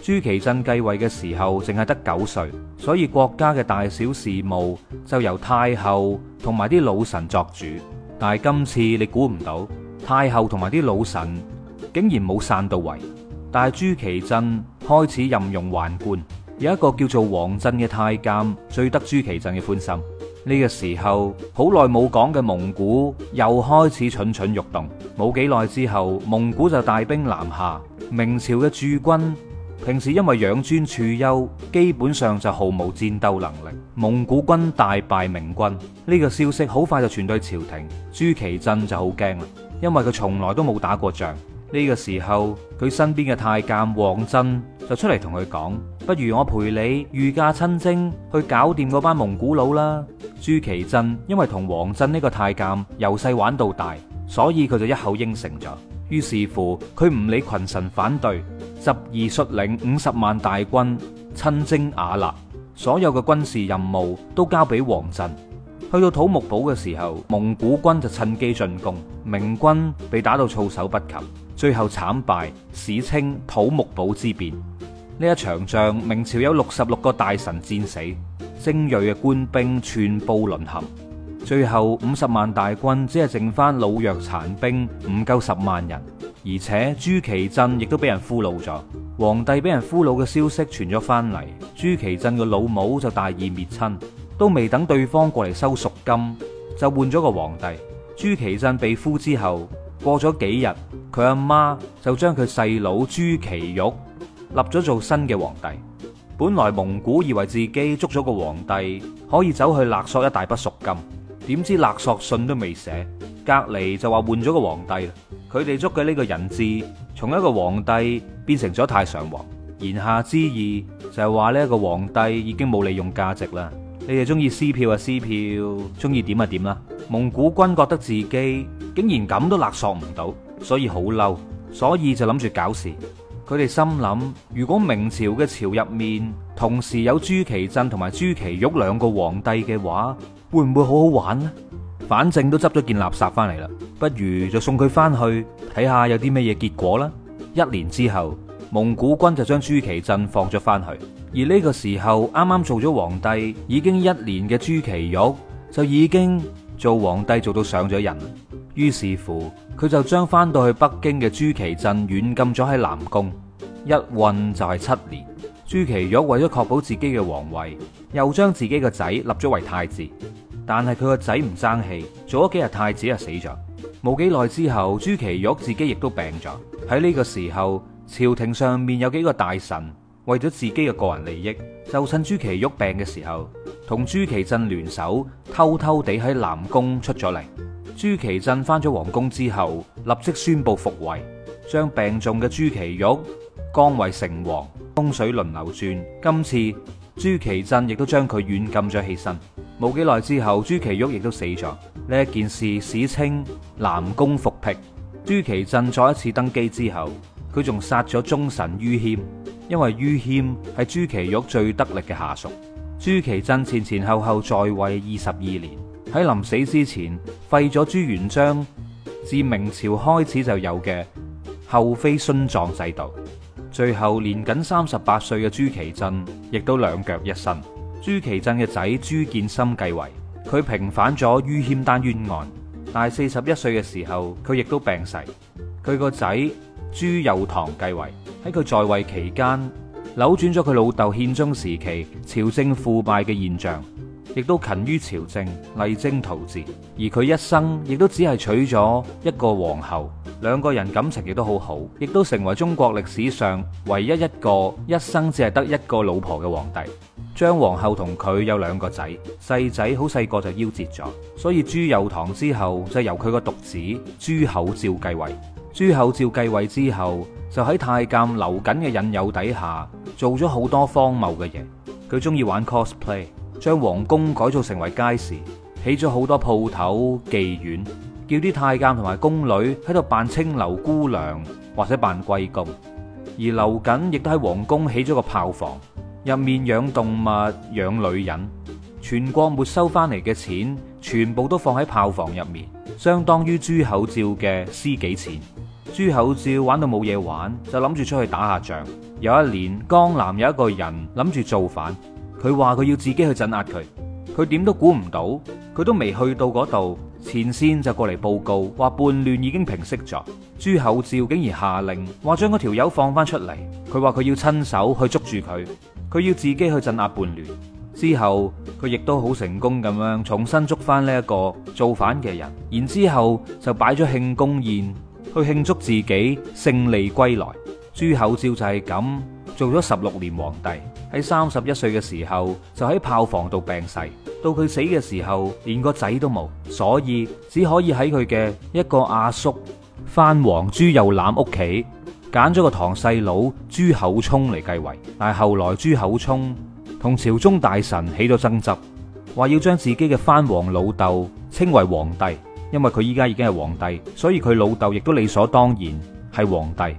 朱祁鎮繼位嘅時候，淨係得九歲，所以國家嘅大小事務就由太后同埋啲老臣作主。但係今次你估唔到，太后同埋啲老臣竟然冇散到位。但係朱祁鎮開始任用宦官，有一個叫做王振嘅太監最得朱祁鎮嘅歡心。呢個時候好耐冇講嘅蒙古又開始蠢蠢欲動，冇幾耐之後，蒙古就大兵南下，明朝嘅駐軍。平時因為養尊處優，基本上就毫無戰鬥能力。蒙古軍大敗明軍，呢個消息好快就傳到朝廷，朱祁鎮就好驚啦，因為佢從來都冇打過仗。呢個時候，佢身邊嘅太監王振就出嚟同佢講：不如我陪你御駕親征，去搞掂嗰班蒙古佬啦。朱祁鎮因為同王振呢個太監由細玩到大，所以佢就一口應承咗。於是乎，佢唔理群臣反對，執意率領五十萬大軍親征瓦剌。所有嘅軍事任務都交俾王振。去到土木堡嘅時候，蒙古軍就趁機進攻，明軍被打到措手不及，最後慘敗，史稱土木堡之變。呢一場仗，明朝有六十六個大臣戰死，精銳嘅官兵寸步淪陷。最後五十萬大軍只係剩翻老弱殘兵，唔夠十萬人，而且朱祁鎮亦都俾人俘虜咗。皇帝俾人俘虜嘅消息傳咗翻嚟，朱祁鎮嘅老母就大義滅親，都未等對方過嚟收贖金，就換咗個皇帝。朱祁鎮被俘之後，過咗幾日，佢阿媽就將佢細佬朱祁鈺立咗做新嘅皇帝。本來蒙古以為自己捉咗個皇帝，可以走去勒索一大筆贖金。點知勒索信都未寫，隔籬就話換咗個皇帝啦。佢哋捉嘅呢個人質，從一個皇帝變成咗太上皇，言下之意就係話呢一個皇帝已經冇利用價值啦。你哋中意撕票就撕票，中意點就點啦。蒙古軍覺得自己竟然咁都勒索唔到，所以好嬲，所以就諗住搞事。佢哋心諗，如果明朝嘅朝入面同時有朱祁鎮同埋朱祁鈺兩個皇帝嘅話，會唔會好好玩咧？反正都執咗件垃圾翻嚟啦，不如就送佢翻去睇下有啲咩嘢結果啦。一年之後，蒙古軍就將朱祁鎮放咗翻去，而呢個時候啱啱做咗皇帝已經一年嘅朱祁鈺，就已經做皇帝做到上咗癮了。於是乎佢就將翻到去北京嘅朱祁鎮軟禁咗喺南宮，一困就係七年。朱祁鈺為咗確保自己嘅皇位，又將自己個仔立咗為太子。但係佢個仔唔爭氣，做咗幾日太子就死咗。冇幾耐之後，朱祁鈺自己亦都病咗。喺呢個時候，朝廷上面有幾個大臣為咗自己嘅個人利益，就趁朱祁鈺病嘅時候，同朱祁鎮聯手，偷偷地喺南宮出咗嚟。朱祁鎮返咗皇宮之後，立即宣布復位，將病重嘅朱祁鈺降為成王。風水輪流轉，今次朱祁鎮亦都將佢軟禁咗起身。冇幾耐之後，朱祁鈺亦都死咗。呢一件事史稱南宮復辟。朱祁鎮再一次登基之後，佢仲殺咗忠臣于謙，因為于謙係朱祁鈺最得力嘅下屬。朱祁鎮前前後後在位二十二年，喺臨死之前廢咗朱元璋自明朝開始就有嘅后妃殉葬制度。最後年僅三十八歲嘅朱祁鎮亦都兩腳一伸，朱祁鎮嘅仔朱見深繼位，佢平反咗于謙單冤案。但四十一歲嘅時候，佢亦都病逝。佢個仔朱祐樘繼位，喺佢在位期間扭轉咗佢老豆憲宗時期朝政腐敗嘅現象。亦都勤於朝政，勵精圖治。而佢一生亦都只係娶咗一個皇后，兩個人感情亦都好好，亦都成為中國歷史上唯一一個一生只係得一個老婆嘅皇帝。張皇后同佢有兩個仔，細仔好細個就夭折咗，所以朱佑樘之後就由佢個獨子朱厚照繼位。朱厚照繼位之後，就喺太監劉瑾嘅引誘底下，做咗好多荒謬嘅嘢。佢中意玩 cosplay。將皇宮改造成為街市，起咗好多鋪頭、妓院，叫啲太監同埋宮女喺度扮青樓姑娘或者扮貴婦。而劉瑾亦都喺皇宮起咗個炮房，入面養動物、養女人。全國沒收翻嚟嘅錢，全部都放喺炮房入面，相當於朱厚照嘅私己錢。朱厚照玩到冇嘢玩，就諗住出去打下仗。有一年，江南有一個人諗住造反。佢話佢要自己去鎮壓佢，佢點都估唔到，佢都未去到嗰度，前線就過嚟報告話叛亂已經平息咗。朱厚照竟然下令話將嗰條友放翻出嚟，佢話佢要親手去捉住佢，佢要自己去鎮壓叛亂。之後佢亦都好成功咁樣重新捉翻呢一個造反嘅人，然之後就擺咗慶功宴去慶祝自己勝利歸來。朱厚照就係咁。做咗十六年皇帝，喺三十一歲嘅時候就喺豹房度病逝。到佢死嘅時候，連個仔都冇，所以只可以喺佢嘅一個阿叔藩王朱祐杬屋企揀咗個堂細佬朱厚熜嚟繼位。但係後來朱厚熜同朝中大臣起咗爭執，話要將自己嘅藩王老豆稱為皇帝，因為佢依家已經係皇帝，所以佢老豆亦都理所當然係皇帝。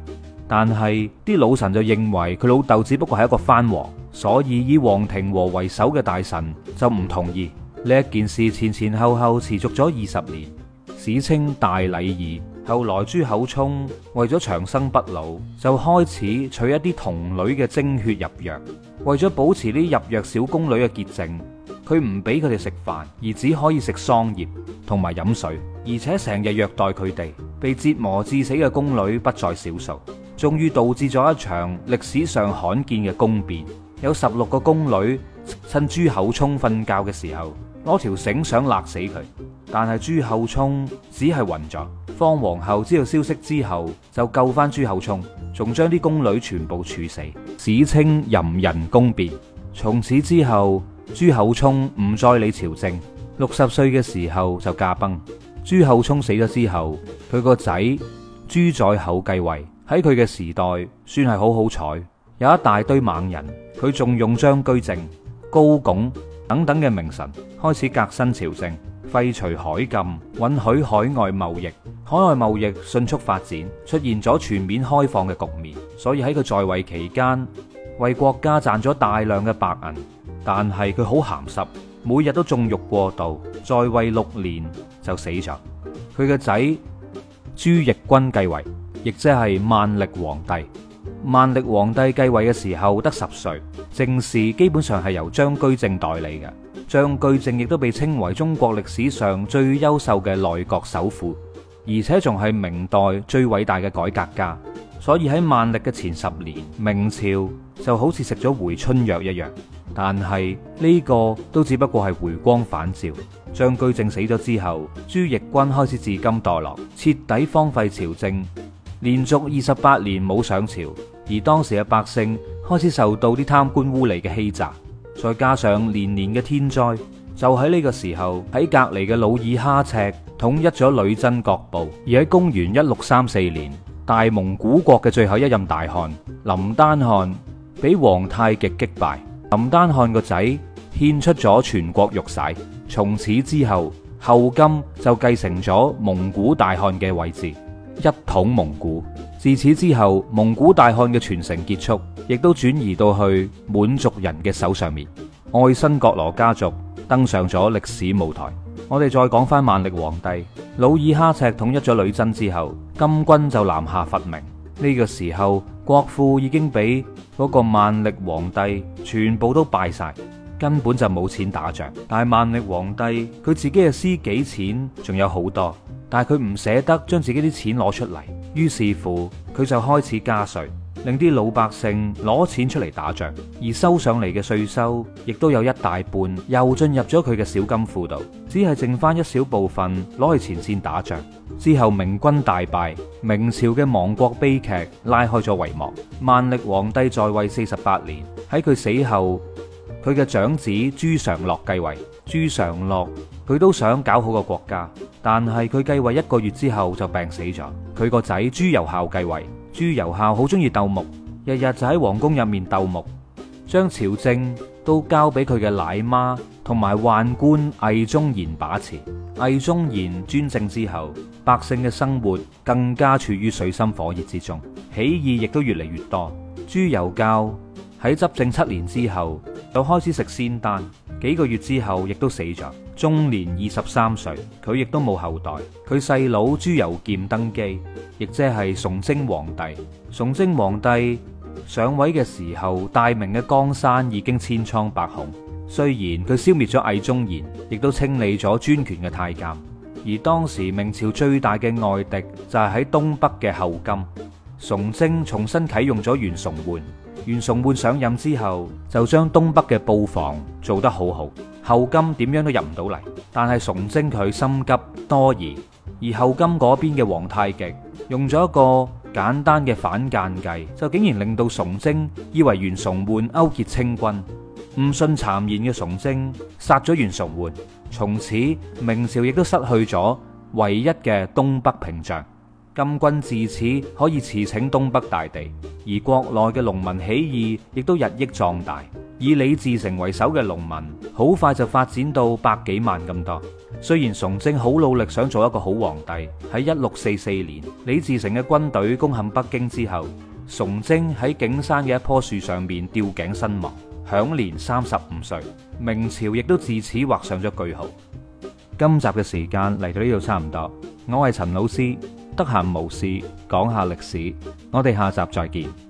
但係啲老臣就認為佢老豆只不過係一個藩王，所以以楊廷和為首嘅大臣就唔同意呢一件事。前前後後持續咗二十年，史稱大禮議。後來朱厚熜為咗長生不老，就開始取一啲童女嘅精血入藥，為咗保持啲入藥小宮女嘅潔淨，佢唔俾佢哋食飯，而只可以食桑葉同埋飲水，而且成日虐待佢哋，被折磨致死嘅宮女不在少數。終於導致咗一場歷史上罕見嘅宮變，有十六個宮女趁朱厚沖瞓覺嘅時候攞條繩想勒死佢，但係朱厚沖只係暈咗。方皇后知道消息之後就救翻朱厚沖，仲將啲宮女全部處死，史稱淫人宮變。從此之後，朱厚沖唔再理朝政。六十歲嘅時候就駕崩。朱厚沖死咗之後，佢個仔朱載厚繼位。喺佢嘅時代，算係好好彩，有一大堆猛人。佢仲用張居正、高拱等等嘅名臣，開始革新朝政，廢除海禁，允許海外貿易，海外貿易迅速發展，出現咗全面開放嘅局面。所以喺佢在位期間，為國家賺咗大量嘅白銀。但係佢好鹹濕，每日都縱慾過度，在位六年就死咗。佢嘅仔朱翊鈞繼位。亦即係萬曆皇帝。萬曆皇帝繼位嘅時候得十歲，政事基本上係由張居正代理嘅。張居正亦都被稱為中國歷史上最優秀嘅內閣首輔，而且仲係明代最偉大嘅改革家。所以喺萬曆嘅前十年，明朝就好似食咗回春藥一樣。但係呢個都只不過係回光返照。張居正死咗之後，朱翊鈞開始自甘墮落，徹底荒廢朝政。連續二十八年冇上朝，而當時嘅百姓開始受到啲貪官污吏嘅欺詐，再加上連年嘅天災，就喺呢個時候喺隔籬嘅努爾哈赤統一咗女真各部。而喺公元一六三四年，大蒙古國嘅最後一任大汗林丹汗俾皇太極擊敗，林丹汗個仔獻出咗全國玉璽，從此之後後金就繼承咗蒙古大汗嘅位置。一統蒙古，自此之後，蒙古大汗嘅傳承結束，亦都轉移到去滿族人嘅手上面。愛新覺羅家族登上咗歷史舞台。我哋再講翻萬曆皇帝，努爾哈赤統一咗女真之後，金軍就南下伐明。呢個時候，國庫已經俾嗰個萬曆皇帝全部都敗晒，根本就冇錢打仗。但係萬曆皇帝佢自己嘅私己錢仲有好多。但係佢唔捨得將自己啲錢攞出嚟，於是乎佢就開始加稅，令啲老百姓攞錢出嚟打仗，而收上嚟嘅稅收亦都有一大半又進入咗佢嘅小金庫度，只係剩翻一小部分攞去前線打仗之後，明軍大敗，明朝嘅亡國悲劇拉開咗帷幕。萬曆皇帝在位四十八年，喺佢死後。佢嘅長子朱常洛繼位，朱常洛佢都想搞好個國家，但係佢繼位一個月之後就病死咗。佢個仔朱由校繼位，朱由校好中意鬥木，日日就喺皇宮入面鬥木，將朝政都交俾佢嘅奶媽同埋宦官魏忠賢把持。魏忠賢專政之後，百姓嘅生活更加處於水深火熱之中，起義亦都越嚟越多。朱由校喺執政七年之後。就開始食仙丹，幾個月之後亦都死咗，終年二十三歲。佢亦都冇後代。佢細佬朱由檢登基，亦即係崇禎皇帝。崇禎皇帝上位嘅時候，大明嘅江山已經千瘡百孔。雖然佢消滅咗魏忠賢，亦都清理咗專權嘅太監，而當時明朝最大嘅外敵就係喺東北嘅後金。崇禎重新啟用咗袁崇煥。袁崇煥上任之後，就將東北嘅佈防做得好好。後金點樣都入唔到嚟，但係崇禎佢心急多疑，而後金嗰邊嘅皇太極用咗一個簡單嘅反間計，就竟然令到崇禎以為袁崇煥勾結清軍，唔信讒言嘅崇禎殺咗袁崇煥，從此明朝亦都失去咗唯一嘅東北屏障。金軍自此可以馳騁東北大地，而國內嘅農民起義亦都日益壯大。以李自成為首嘅農民好快就發展到百幾萬咁多。雖然崇禎好努力想做一個好皇帝，喺一六四四年李自成嘅軍隊攻陷北京之後，崇禎喺景山嘅一棵樹上面吊頸身亡，享年三十五歲。明朝亦都自此畫上咗句號。今集嘅時間嚟到呢度差唔多，我係陳老師。得閒無事，講下歷史。我哋下集再見。